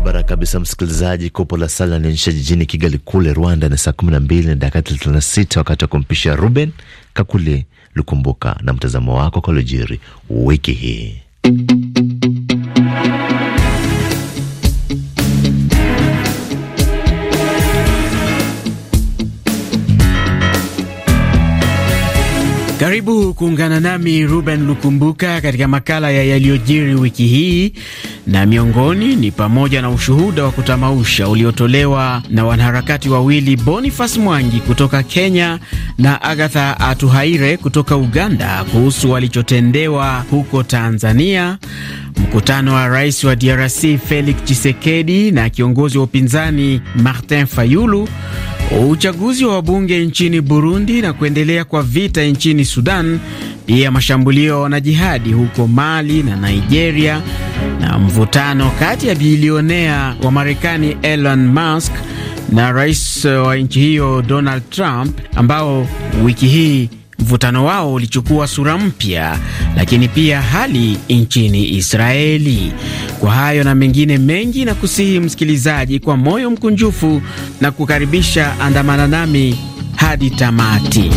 barabara kabisa, msikilizaji. Kopo la sala linaonyesha jijini Kigali kule Rwanda ni saa kumi na mbili na dakika thelathini na sita wakati wa kumpisha Ruben Kakule Lukumbuka na mtazamo wako kwa lojiri wiki hii. Karibu kuungana nami Ruben Lukumbuka katika makala ya yaliyojiri wiki hii, na miongoni ni pamoja na ushuhuda wa kutamausha uliotolewa na wanaharakati wawili Boniface Mwangi kutoka Kenya na Agatha Atuhaire kutoka Uganda kuhusu walichotendewa huko Tanzania, mkutano wa rais wa DRC Felix Tshisekedi na kiongozi wa upinzani Martin Fayulu uchaguzi wa wabunge nchini Burundi na kuendelea kwa vita nchini Sudan, pia mashambulio na jihadi huko Mali na Nigeria, na mvutano kati ya bilionea wa Marekani Elon Musk na rais wa nchi hiyo Donald Trump ambao wiki hii mvutano wao ulichukua sura mpya, lakini pia hali nchini Israeli. Kwa hayo na mengine mengi, na kusihi msikilizaji kwa moyo mkunjufu na kukaribisha, andamana nami hadi tamati.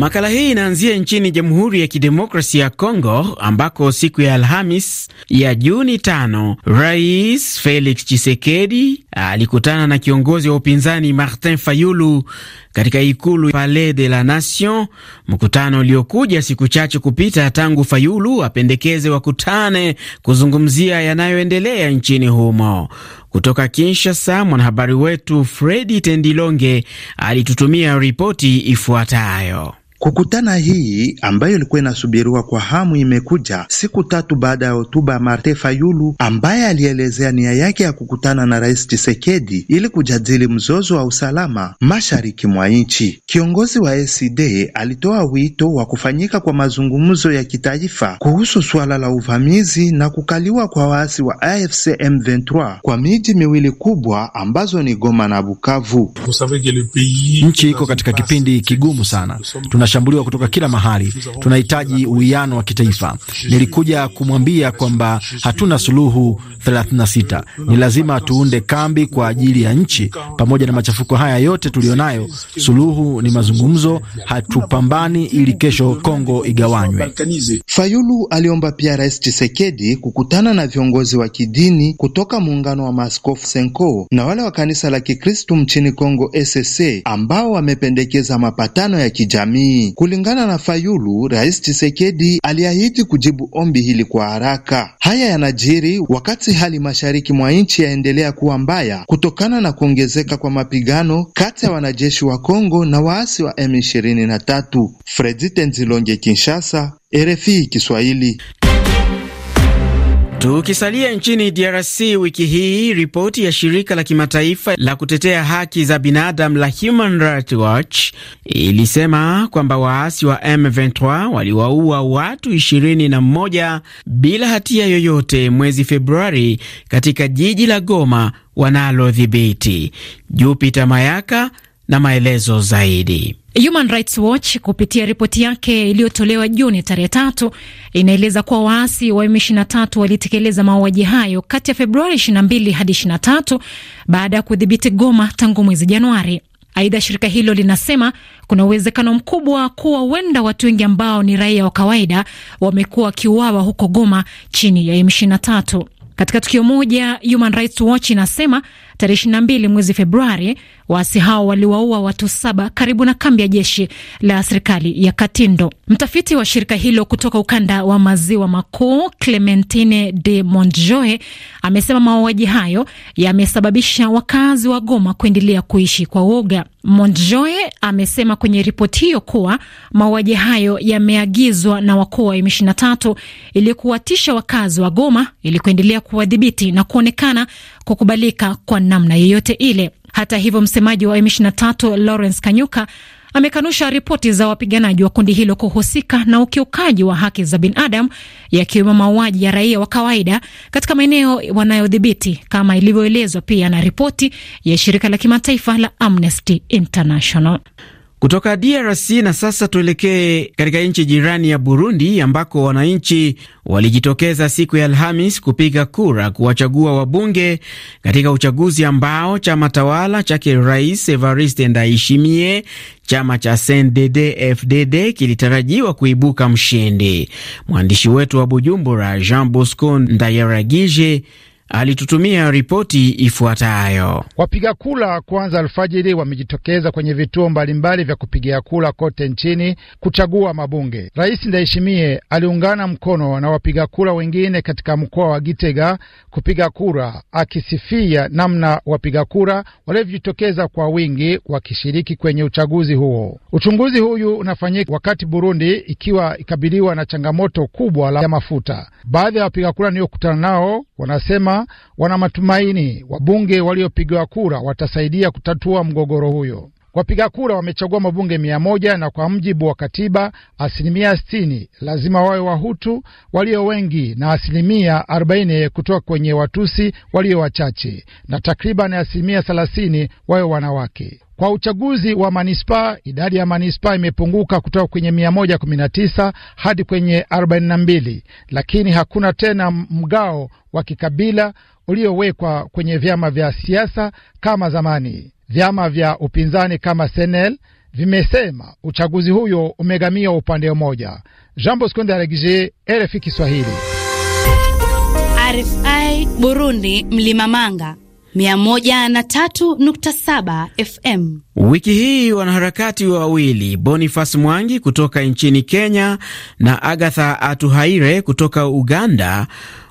Makala hii inaanzia nchini Jamhuri ya Kidemokrasia ya Kongo ambako siku ya Alhamis ya Juni tano, Rais Felix Tshisekedi alikutana na kiongozi wa upinzani Martin Fayulu katika ikulu Palais de la Nation, mkutano uliokuja siku chache kupita tangu Fayulu apendekeze wakutane kuzungumzia yanayoendelea nchini humo. Kutoka Kinshasa, mwanahabari wetu Fredi Tendilonge alitutumia ripoti ifuatayo. Kukutana hii ambayo ilikuwa inasubiriwa kwa hamu imekuja siku tatu baada ya hotuba ya Martin Fayulu ambaye alielezea nia yake ya kukutana na Rais Tshisekedi ili kujadili mzozo wa usalama mashariki mwa nchi. Kiongozi wa ACD e alitoa wito wa kufanyika kwa mazungumzo ya kitaifa kuhusu suala la uvamizi na kukaliwa kwa waasi wa AFC M23 kwa miji miwili kubwa ambazo ni Goma na Bukavu. Nchi iko katika kipindi kigumu sana. Tuna tunashambuliwa kutoka kila mahali. Tunahitaji uwiano wa kitaifa. Nilikuja kumwambia kwamba hatuna suluhu 36. Ni lazima tuunde kambi kwa ajili ya nchi. Pamoja na machafuko haya yote tuliyonayo, suluhu ni mazungumzo. Hatupambani ili kesho Kongo igawanywe. Fayulu aliomba pia Rais Tshisekedi kukutana na viongozi wa kidini kutoka muungano wa maaskofu Senko na wale wa kanisa la Kikristu mchini Kongo, SSA, ambao wamependekeza mapatano ya kijamii kijamii. Kulingana na Fayulu, Rais chisekedi aliahidi kujibu ombi hili kwa haraka. Haya yanajiri wakati hali mashariki mwa nchi yaendelea kuwa mbaya kutokana na kuongezeka kwa mapigano kati ya wanajeshi wa Kongo na waasi wa M23. Fredi Tenzilonge, Kinshasa, RFI Kiswahili. Tukisalia nchini DRC wiki hii, ripoti ya shirika la kimataifa la kutetea haki za binadamu la Human Rights Watch ilisema kwamba waasi wa M23 waliwaua watu 21 bila hatia yoyote mwezi Februari katika jiji la Goma wanalodhibiti. Jupita Mayaka na maelezo zaidi. Human Rights Watch kupitia ripoti yake iliyotolewa Juni tarehe tatu inaeleza kuwa waasi wa M23 walitekeleza mauaji hayo kati ya Februari 22 hadi 23 baada ya kudhibiti Goma tangu mwezi Januari. Aidha, shirika hilo linasema kuna uwezekano mkubwa kuwa huenda watu wengi ambao ni raia wa kawaida wamekuwa wakiuawa huko Goma chini ya M23. Katika tukio moja, Human Rights Watch inasema Tarehe 22 mwezi Februari, waasi hao waliwaua watu saba karibu na kambi ya jeshi la serikali ya Katindo. Mtafiti wa shirika hilo kutoka ukanda wa maziwa makuu Clementine de Montjoie amesema mauaji hayo yamesababisha wakazi wa Goma kuendelea kuishi kwa woga. Montjoie amesema kwenye ripoti hiyo kuwa mauaji hayo yameagizwa na wakuu wa M23 ili kuwatisha wakazi wa Goma ili kuendelea kuwadhibiti na kuonekana kukubalika kwa namna yoyote ile. Hata hivyo, msemaji wa M23 Lawrence Kanyuka amekanusha ripoti za wapiganaji wa kundi hilo kuhusika na ukiukaji wa haki za binadamu yakiwemo mauaji ya raia wa kawaida katika maeneo wanayodhibiti kama ilivyoelezwa pia na ripoti ya shirika la kimataifa la Amnesty International kutoka DRC. Na sasa tuelekee katika nchi jirani ya Burundi ambako wananchi walijitokeza siku ya Alhamis kupiga kura kuwachagua wabunge katika uchaguzi ambao chama tawala chake Rais Evariste Ndayishimiye chama cha CNDD FDD kilitarajiwa kuibuka mshindi. Mwandishi wetu wa Bujumbura Jean Bosco Ndayaragije alitutumia ripoti ifuatayo. Wapiga kula kwanza alfajiri wamejitokeza kwenye vituo mbalimbali vya kupigia kula kote nchini kuchagua mabunge. Rais Ndayishimiye aliungana mkono na wapiga kula wengine katika mkoa wa Gitega kupiga kura, akisifia namna wapiga kura walivyojitokeza kwa wingi wakishiriki kwenye uchaguzi huo. Uchunguzi huyu unafanyika wakati Burundi ikiwa ikabiliwa na changamoto kubwa la ya mafuta. Baadhi ya wapiga kura niliyokutana nao wanasema wana matumaini wabunge waliopigiwa kura watasaidia kutatua mgogoro huyo. Wapiga kura wamechagua mabunge mia moja na kwa mjibu wa katiba asilimia sitini lazima wawe Wahutu walio wengi na asilimia arobaini kutoka kwenye Watusi walio wachache na takriban asilimia thelathini wawe wanawake. Kwa uchaguzi wa manispaa, idadi ya manispaa imepunguka kutoka kwenye 119 hadi kwenye 42, lakini hakuna tena mgao wa kikabila uliowekwa kwenye vyama vya siasa kama zamani. Vyama vya upinzani kama Senel vimesema uchaguzi huyo umegamia upande mmoja. Jean Bosco Ndaragize, RFI Kiswahili. RFI Burundi, Mlimamanga 103.7 FM. Wiki hii wanaharakati wawili Boniface Mwangi kutoka nchini Kenya na Agatha Atuhaire kutoka Uganda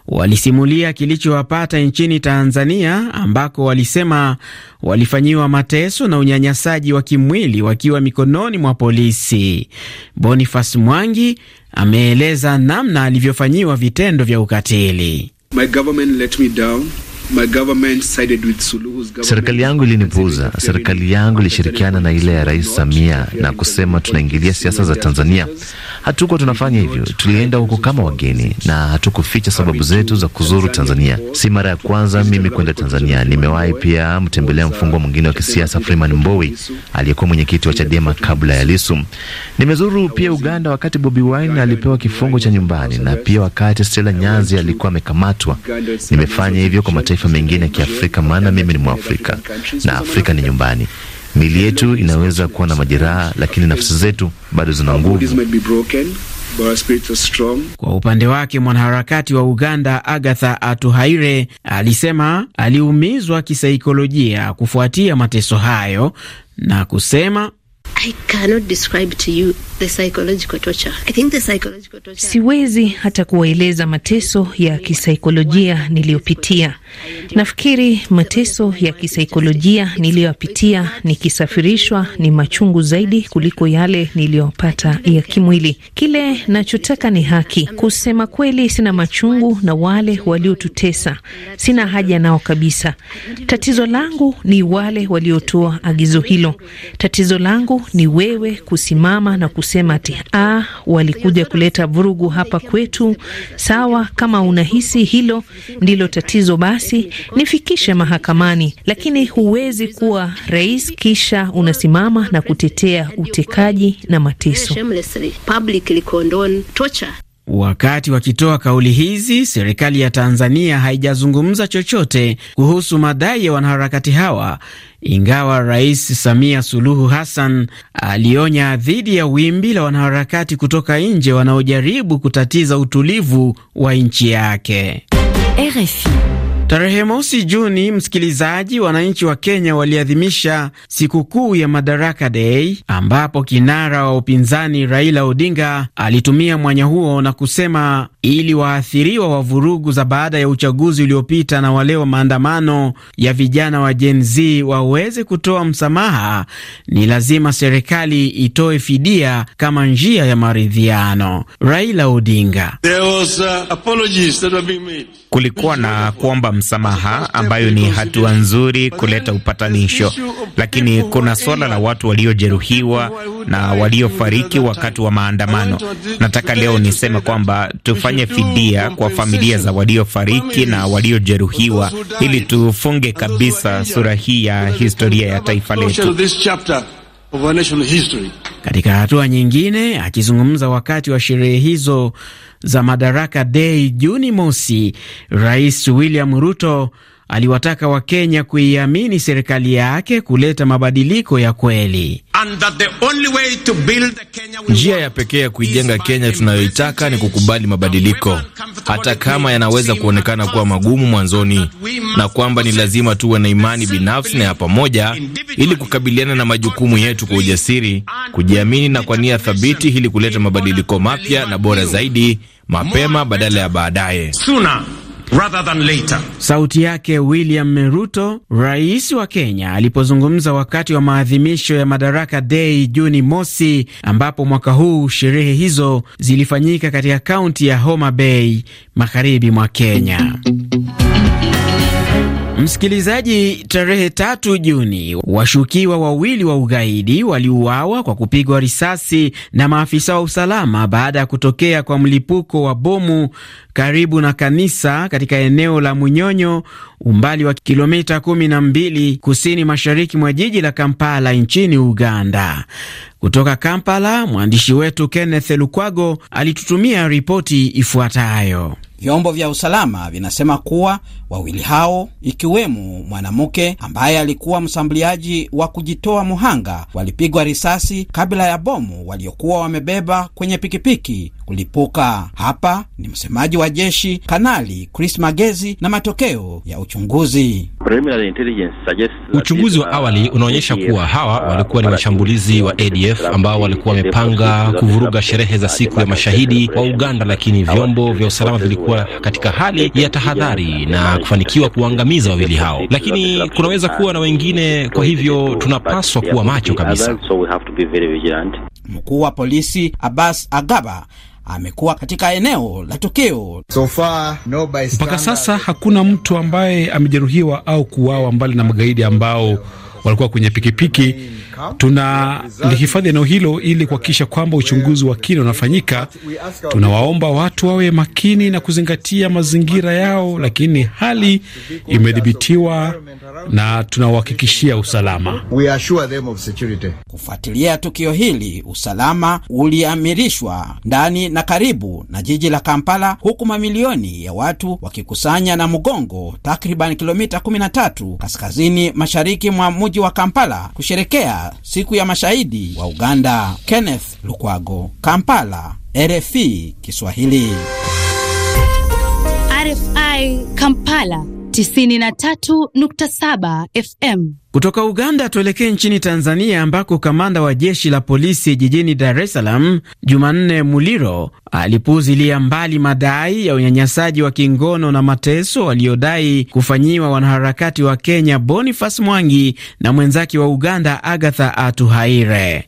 walisimulia kilichowapata nchini Tanzania ambako walisema walifanyiwa mateso na unyanyasaji wa kimwili wakiwa mikononi mwa polisi. Boniface Mwangi ameeleza namna alivyofanyiwa vitendo vya ukatili. My government let me down. Serikali yangu ilinipuuza. Serikali yangu ilishirikiana na ile ya Rais Samia na kusema tunaingilia siasa za Tanzania. Hatukuwa tunafanya hivyo, tulienda huko kama wageni na hatukuficha sababu zetu za kuzuru Tanzania. Si mara ya kwanza mimi kwenda Tanzania, nimewahi pia mtembelea mfungwa mwingine wa kisiasa Freeman Mbowe aliyekuwa mwenyekiti wa Chadema kabla ya Lisu. Nimezuru pia Uganda wakati Bobi Wine alipewa kifungo cha nyumbani na pia wakati Stella Nyanzi alikuwa amekamatwa. Nimefanya hivyo kwa mataifa mataifa mengine ya Kiafrika, maana mimi ni Mwafrika na Afrika ni nyumbani. Mili yetu inaweza kuwa na majeraha, lakini nafsi zetu bado zina nguvu. Kwa upande wake mwanaharakati wa Uganda Agatha Atuhaire alisema aliumizwa kisaikolojia kufuatia mateso hayo na kusema Siwezi hata kuwaeleza mateso ya kisaikolojia niliyopitia. Nafikiri mateso ya kisaikolojia niliyoyapitia nikisafirishwa ni machungu zaidi kuliko yale niliyopata ya kimwili. Kile nachotaka ni haki. Kusema kweli, sina machungu na wale waliotutesa, sina haja nao kabisa. Tatizo langu ni wale waliotoa agizo hilo. Tatizo langu ni wewe kusimama na kusema ati a walikuja kuleta vurugu hapa kwetu. Sawa, kama unahisi hilo ndilo tatizo, basi nifikishe mahakamani, lakini huwezi kuwa rais kisha unasimama na kutetea utekaji na mateso. Wakati wakitoa kauli hizi, serikali ya Tanzania haijazungumza chochote kuhusu madai ya wanaharakati hawa, ingawa Rais Samia Suluhu Hassan alionya dhidi ya wimbi la wanaharakati kutoka nje wanaojaribu kutatiza utulivu wa nchi yake. RFI. Tarehe mosi Juni, msikilizaji, wananchi wa Kenya waliadhimisha sikukuu ya Madaraka Day, ambapo kinara wa upinzani Raila Odinga alitumia mwanya huo na kusema ili waathiriwa wa vurugu za baada ya uchaguzi uliopita na wale wa maandamano ya vijana wa Gen Z waweze kutoa msamaha, ni lazima serikali itoe fidia kama njia ya maridhiano. Raila Odinga: uh, kulikuwa na kuomba msamaha ambayo ni hatua nzuri kuleta upatanisho, lakini kuna suala la watu waliojeruhiwa na waliofariki wakati wa maandamano. Nataka leo niseme kwamba tufa tufanye fidia kwa familia za waliofariki na waliojeruhiwa, ili tufunge kabisa sura hii ya historia ya taifa letu. Katika hatua nyingine, akizungumza wakati wa sherehe hizo za Madaraka Dei Juni mosi, Rais William Ruto aliwataka Wakenya kuiamini serikali yake kuleta mabadiliko ya kweli. Njia ya pekee ya kuijenga Kenya tunayoitaka ni kukubali mabadiliko, hata kama yanaweza kuonekana kuwa magumu mwanzoni, na kwamba ni lazima tuwe na imani binafsi na ya pamoja ili kukabiliana na majukumu yetu kwa ujasiri, kujiamini na kwa nia thabiti, ili kuleta mabadiliko mapya na bora zaidi, mapema badala ya baadaye rather than later. Sauti yake William Ruto, rais wa Kenya, alipozungumza wakati wa maadhimisho ya Madaraka Day Juni mosi, ambapo mwaka huu sherehe hizo zilifanyika katika kaunti ya Homa Bay, magharibi mwa Kenya. Msikilizaji, tarehe tatu Juni, washukiwa wawili wa ugaidi waliuawa kwa kupigwa risasi na maafisa wa usalama baada ya kutokea kwa mlipuko wa bomu karibu na kanisa katika eneo la Munyonyo, umbali wa kilomita 12 kusini mashariki mwa jiji la Kampala nchini Uganda. Kutoka Kampala, mwandishi wetu Kenneth Lukwago alitutumia ripoti ifuatayo. Vyombo vya usalama vinasema kuwa Wawili hao ikiwemo mwanamke ambaye alikuwa msambuliaji wa kujitoa muhanga walipigwa risasi kabla ya bomu waliokuwa wamebeba kwenye pikipiki kulipuka. Hapa ni msemaji wa jeshi Kanali Chris Magezi na matokeo ya uchunguzi. Uchunguzi wa uh, awali unaonyesha kuwa hawa uh, walikuwa ni washambulizi wa ADF ambao walikuwa wamepanga kuvuruga sherehe za siku ya mashahidi wa Uganda, lakini vyombo vya usalama vilikuwa katika hali ya tahadhari na kufanikiwa kuangamiza wawili hao, lakini kunaweza kuwa na wengine, kwa hivyo tunapaswa kuwa macho kabisa. Mkuu wa polisi Abbas Agaba amekuwa katika eneo la tukio. So no. mpaka sasa hakuna mtu ambaye amejeruhiwa au kuuawa, mbali na magaidi ambao walikuwa kwenye pikipiki. Tunalihifadhi eneo hilo ili kuhakikisha kwamba uchunguzi wa kina unafanyika. Tunawaomba watu wawe makini na kuzingatia mazingira yao, lakini hali imedhibitiwa na tunawahakikishia usalama. Kufuatilia tukio hili, usalama uliamirishwa ndani na karibu na jiji la Kampala, huku mamilioni ya watu wakikusanya na Mugongo, takriban kilomita 13 kaskazini mashariki mwa mji wa Kampala kusherekea siku ya mashahidi wa Uganda. Kenneth Lukwago, Kampala, RFI Kiswahili. RFI Kampala 93.7 FM. Kutoka Uganda tuelekee nchini Tanzania ambako kamanda wa jeshi la polisi jijini Dar es Salaam Jumanne Muliro alipuuzilia mbali madai ya unyanyasaji wa kingono na mateso aliyodai kufanyiwa wanaharakati wa Kenya Boniface Mwangi na mwenzake wa Uganda Agatha Atuhaire.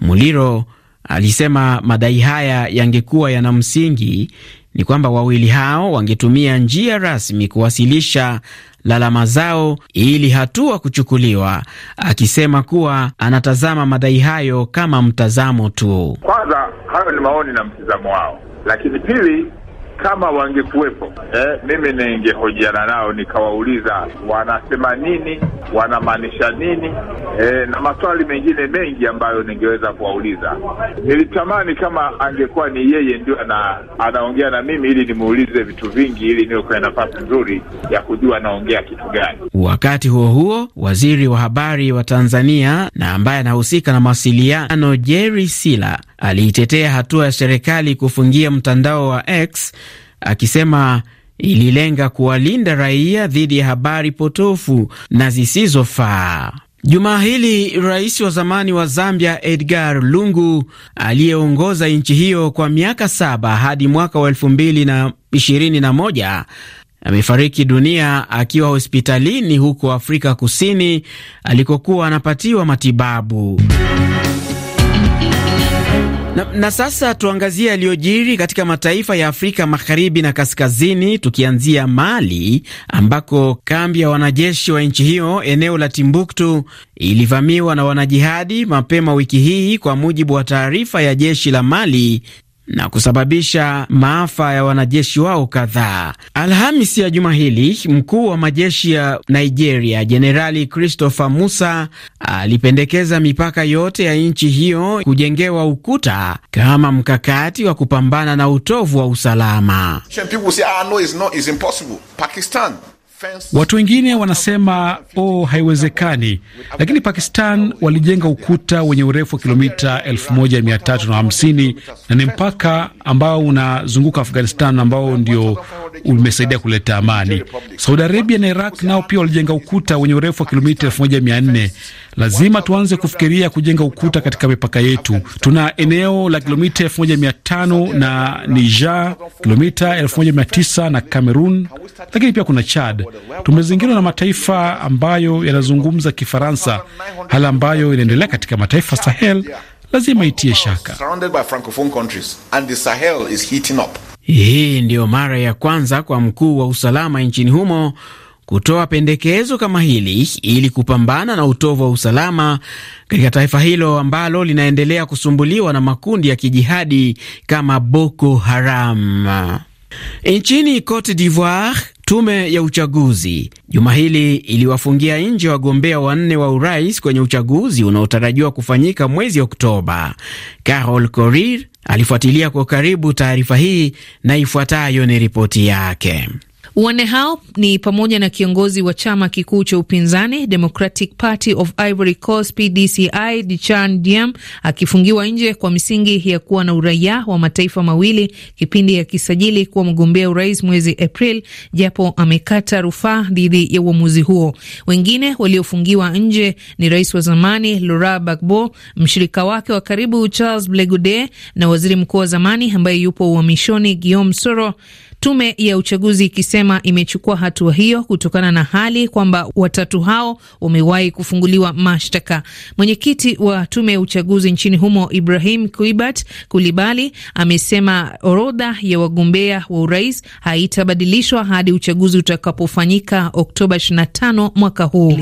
Muliro alisema madai haya yangekuwa yana msingi ni kwamba wawili hao wangetumia njia rasmi kuwasilisha lalama zao ili hatua kuchukuliwa, akisema kuwa anatazama madai hayo kama mtazamo tu. Kwanza, hayo ni maoni na mtizamo wao, lakini pili kama wangekuwepo eh, mimi ningehojiana nao nikawauliza wanasema nini, wanamaanisha nini eh, na maswali mengine mengi ambayo ningeweza kuwauliza. Nilitamani kama angekuwa ni yeye ndio ana, anaongea na mimi ili nimuulize vitu vingi ili niwe kwenye nafasi nzuri ya kujua anaongea kitu gani. Wakati huo huo, waziri wa habari wa Tanzania na ambaye anahusika na mawasiliano Jerry Sila aliitetea hatua ya serikali kufungia mtandao wa X akisema ililenga kuwalinda raia dhidi ya habari potofu na zisizofaa. Jumaa hili rais wa zamani wa Zambia Edgar Lungu aliyeongoza nchi hiyo kwa miaka saba hadi mwaka wa elfu mbili na ishirini na moja amefariki dunia akiwa hospitalini huko Afrika Kusini alikokuwa anapatiwa matibabu. Na, na sasa tuangazie yaliyojiri katika mataifa ya Afrika magharibi na kaskazini, tukianzia Mali ambako kambi ya wanajeshi wa nchi hiyo eneo la Timbuktu ilivamiwa na wanajihadi mapema wiki hii, kwa mujibu wa taarifa ya jeshi la Mali na kusababisha maafa ya wanajeshi wao kadhaa. Alhamisi ya juma hili, mkuu wa majeshi ya Nigeria Jenerali Christopher Musa alipendekeza mipaka yote ya nchi hiyo kujengewa ukuta kama mkakati wa kupambana na utovu wa usalama. say, ah, no, it's not, it's impossible. Pakistan Watu wengine wanasema oh, haiwezekani, lakini Pakistan walijenga ukuta wenye urefu wa kilomita 1350 na ni mpaka ambao unazunguka Afghanistan ambao ndio umesaidia kuleta amani. Saudi Arabia na Iraq nao pia walijenga ukuta wenye urefu wa kilomita 1400 Lazima tuanze kufikiria kujenga ukuta katika mipaka yetu. Tuna eneo la kilomita 1500 na Niger, kilomita 1900 na Cameroon, lakini pia kuna Chad. Tumezingirwa na mataifa ambayo yanazungumza Kifaransa, hali ambayo inaendelea katika mataifa Sahel lazima itie shaka. Hii ndiyo mara ya kwanza kwa mkuu wa usalama nchini humo kutoa pendekezo kama hili ili kupambana na utovu wa usalama katika taifa hilo ambalo linaendelea kusumbuliwa na makundi ya kijihadi kama Boko Haram. Nchini Cote d'Ivoire, tume ya uchaguzi juma hili iliwafungia nje wagombea wanne wa urais kwenye uchaguzi unaotarajiwa kufanyika mwezi Oktoba. Carol Korir alifuatilia kwa karibu taarifa hii na ifuatayo ni ripoti yake. Wanne hao ni pamoja na kiongozi wa chama kikuu cha upinzani Democratic Party of Ivory Coast PDCI Dichan Diam akifungiwa nje kwa misingi ya kuwa na uraia wa mataifa mawili kipindi akisajili kuwa mgombea urais mwezi April, japo amekata rufaa dhidi ya uamuzi huo. Wengine waliofungiwa nje ni rais wa zamani Laurent Gbagbo, mshirika wake wa karibu Charles Blegude na waziri mkuu wa zamani ambaye yupo uhamishoni Guillaume Soro tume ya uchaguzi ikisema imechukua hatua hiyo kutokana na hali kwamba watatu hao wamewahi kufunguliwa mashtaka. Mwenyekiti wa tume ya uchaguzi nchini humo Ibrahim Kuibat Kulibali amesema orodha ya wagombea wa urais haitabadilishwa hadi uchaguzi utakapofanyika Oktoba 25 mwaka huu.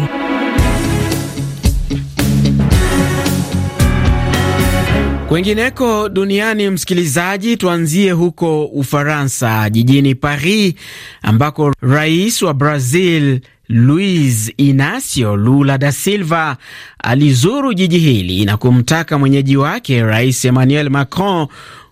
Kwingineko duniani, msikilizaji, tuanzie huko Ufaransa, jijini Paris, ambako rais wa Brazil louis Inacio Lula da Silva alizuru jiji hili na kumtaka mwenyeji wake Rais Emmanuel Macron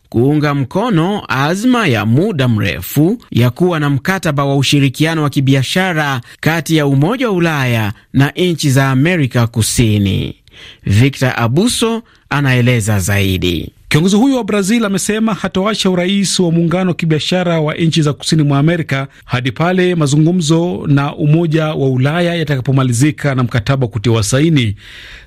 kuunga mkono azma ya muda mrefu ya kuwa na mkataba wa ushirikiano wa kibiashara kati ya Umoja wa Ulaya na nchi za Amerika Kusini. Victor Abuso anaeleza zaidi. Kiongozi huyo wa Brazil amesema hatawacha urais wa muungano wa kibiashara wa nchi za kusini mwa Amerika hadi pale mazungumzo na Umoja wa Ulaya yatakapomalizika na mkataba wa kutiwa saini.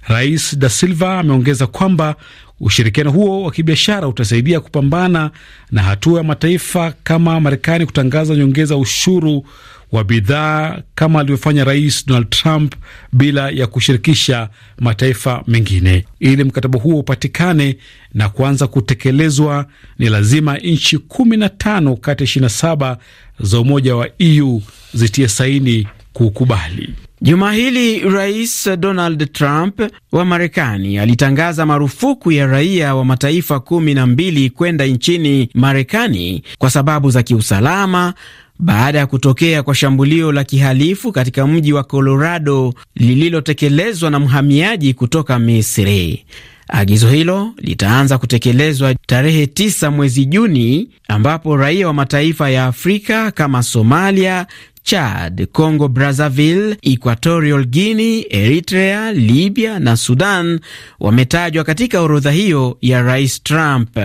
Rais Da Silva ameongeza kwamba ushirikiano huo wa kibiashara utasaidia kupambana na hatua ya mataifa kama Marekani kutangaza nyongeza ushuru wa bidhaa kama alivyofanya Rais Donald Trump bila ya kushirikisha mataifa mengine. Ili mkataba huo upatikane na kuanza kutekelezwa, ni lazima nchi 15 kati ya 27 za Umoja wa EU zitie saini kukubali. Juma hili Rais Donald Trump wa Marekani alitangaza marufuku ya raia wa mataifa kumi na mbili kwenda nchini Marekani kwa sababu za kiusalama baada ya kutokea kwa shambulio la kihalifu katika mji wa Colorado lililotekelezwa na mhamiaji kutoka Misri. Agizo hilo litaanza kutekelezwa tarehe 9 mwezi Juni, ambapo raia wa mataifa ya Afrika kama Somalia, Chad, Congo Brazzaville, Equatorial Guinea, Eritrea, Libya na Sudan wametajwa katika orodha hiyo ya Rais Trump.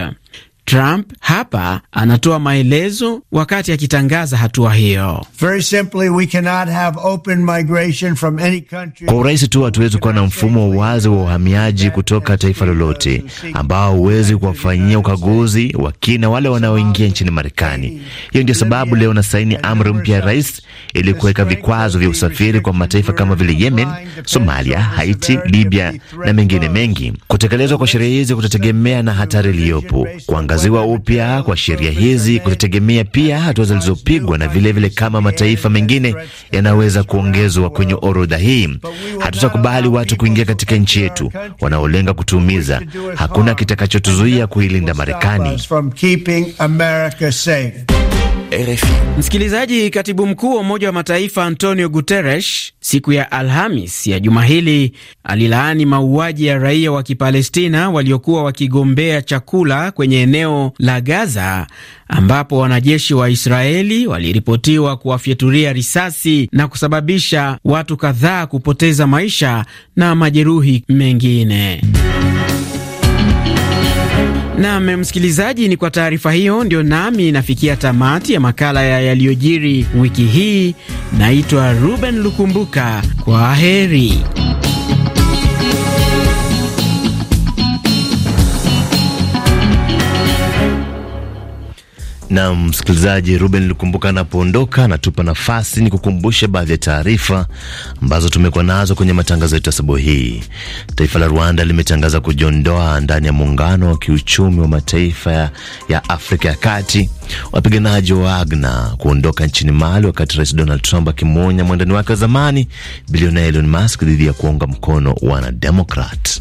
Trump hapa anatoa maelezo wakati akitangaza hatua hiyo. Kwa urahisi tu, hatuwezi kuwa na mfumo wazi wa uhamiaji kutoka taifa lolote ambao huwezi kuwafanyia ukaguzi wa kina wale wanaoingia nchini Marekani. Hiyo ndio sababu leo saini amri mpya ya rais ili kuweka vikwazo vya usafiri kwa mataifa kama vile Yemen, Somalia, Haiti, Libya na mengine mengi. Kutekelezwa kwa sheria hizi kutategemea na hatari iliyopo Kuangaziwa upya kwa sheria hizi kutategemea pia hatua zilizopigwa na vilevile vile kama mataifa mengine yanaweza kuongezwa kwenye orodha hii. Hatutakubali watu kuingia katika nchi yetu wanaolenga kutuumiza. Hakuna kitakachotuzuia kuilinda Marekani. RFI. Msikilizaji, katibu mkuu wa Umoja wa Mataifa Antonio Guterres siku ya Alhamis ya juma hili alilaani mauaji ya raia wa Kipalestina waliokuwa wakigombea chakula kwenye eneo la Gaza ambapo wanajeshi wa Israeli waliripotiwa kuwafyatulia risasi na kusababisha watu kadhaa kupoteza maisha na majeruhi mengine. Nam msikilizaji, ni kwa taarifa hiyo ndio nami nafikia tamati ya makala ya yaliyojiri wiki hii. Naitwa Ruben Lukumbuka, kwa heri. Na msikilizaji, Ruben Lukumbuka anapoondoka anatupa nafasi ni kukumbusha baadhi ya taarifa ambazo tumekuwa nazo kwenye matangazo yetu asubuhi hii. Taifa la Rwanda limetangaza kujiondoa ndani ya muungano wa kiuchumi wa mataifa ya, ya Afrika ya Kati, wapiganaji wa Wagner kuondoka nchini Mali, wakati Rais Donald Trump akimwonya mwandani wake wa zamani bilionea Elon Musk dhidi ya kuunga mkono wanademokrat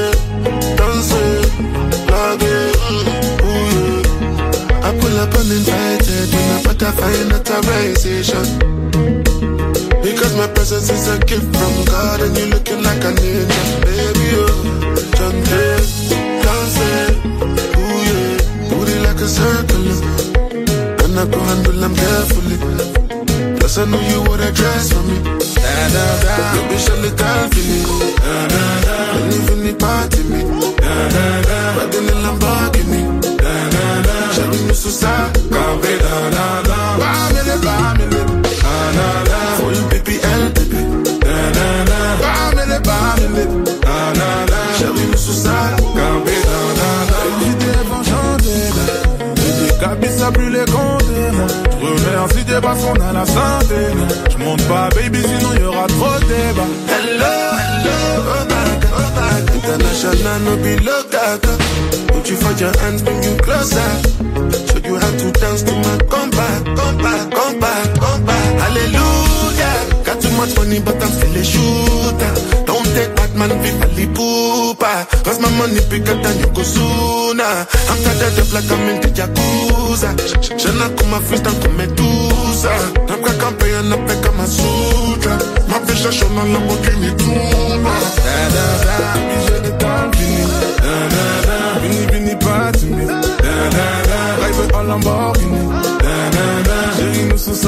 I find authorization. Because my presence is a gift from God, and you're looking like an angel, baby. la santé. Je monte pas, baby, sinon il y aura trop de débat. Hello, hello, oh back, oh back. International, no be located. Put you for your hands, bring you closer. Show you how to dance to my combat, combat, combat, combat. Hallelujah. Got too much money, but I'm still a shooter take man Poopa. Cause my money bigger I'm na je ne sous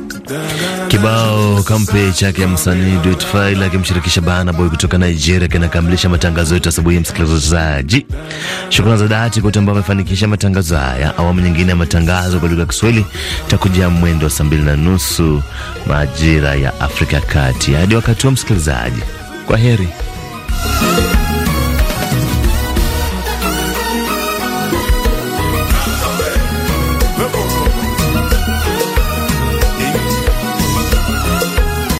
Kibao kampe chake ya msanii File akimshirikisha Bana Boy kutoka Nigeria kinakamilisha matangazo yetu asubuhi msikilizaji. Shukrani za dhati kwa wote ambao wamefanikisha matangazo haya. Awamu nyingine ya matangazo kwa lugha ya Kiswahili takuja mwendo wa saa mbili na nusu majira ya Afrika Kati. Hadi wakati wa msikilizaji, kwa heri.